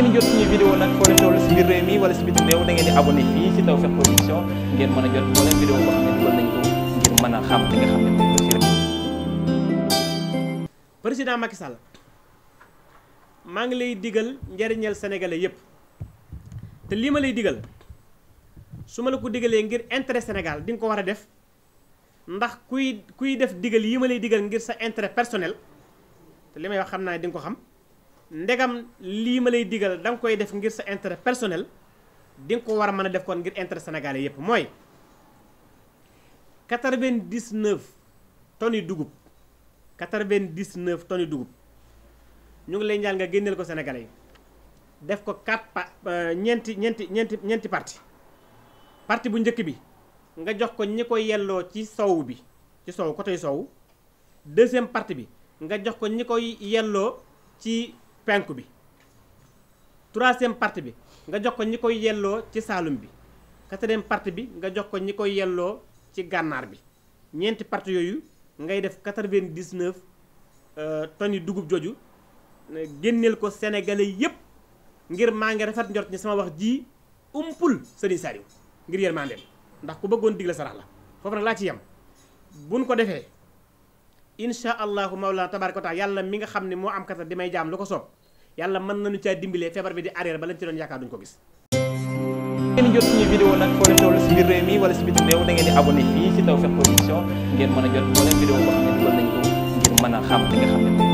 ngeen jot suñu vidéo nag foo si mi wala si biti réew da ngeen di ngeen mën a jot moo leen a xam li nga xam ne président Macky maa ngi lay digal njariñal sénégalais yépp te lii ma lay digal su ma la ko digalee ngir intere senegal di nga ko war a def ndax kuy kuy def digal yi ma lay digal ngir sa intérêt personnel te li may wax xam naa di ko xam ndegam lii ma lay digal da nga koy def ngir sa intérêt personnel di ko war a mën a def kon ngir intérêt sénégalais yépp mooy 99 tonnes yu dugub 99 tonnes yu dugub ñu ngi lay ñaan nga génneel ko sénégalais yi def ko 4 pa euh, ñeenti ñeenti ñeenti ñeenti parti parti bu njëkk bi nga jox ko ñi ko yelloo ci sow bi ci sow côté sow deuxième parti bi nga jox ko ñi koy yelloo ci penku bi troisième partie bi nga jox ko ñi koy yelloo ci saalum bi quatrième partie bi nga jox ko ñi koy yelloo ci gànnaar bi ñeenti partie yooyu ngay def quatre-vingt-dix-neuf euh, tonnes yu dugub jooju génneel ko sénégalais yépp ngir maa ngi rafet njort ni sama wax ji umpul sëriñ Saliou ngir yërmandeem ndax ku bëggoon digle sarax la foofu nag laa ci yem buñ ko defee incha allahu mawlana tabaraka wa yàlla mi nga xam ne moo am kata di may jaam lu ko soob yàlla mën nañu caa dimbalee feebar bi di arrière ba lañ ci doon yaakaar duñ ko gis ngeen jot suñu vidéo nag foo leen toll si biir réew mi wala si biti réew da ngeen di abonné fii si Tawfekh Production ngeen mën a jot moo leen vidéo boo xam ne dugal nañ ko ngir a xam li nga xam ne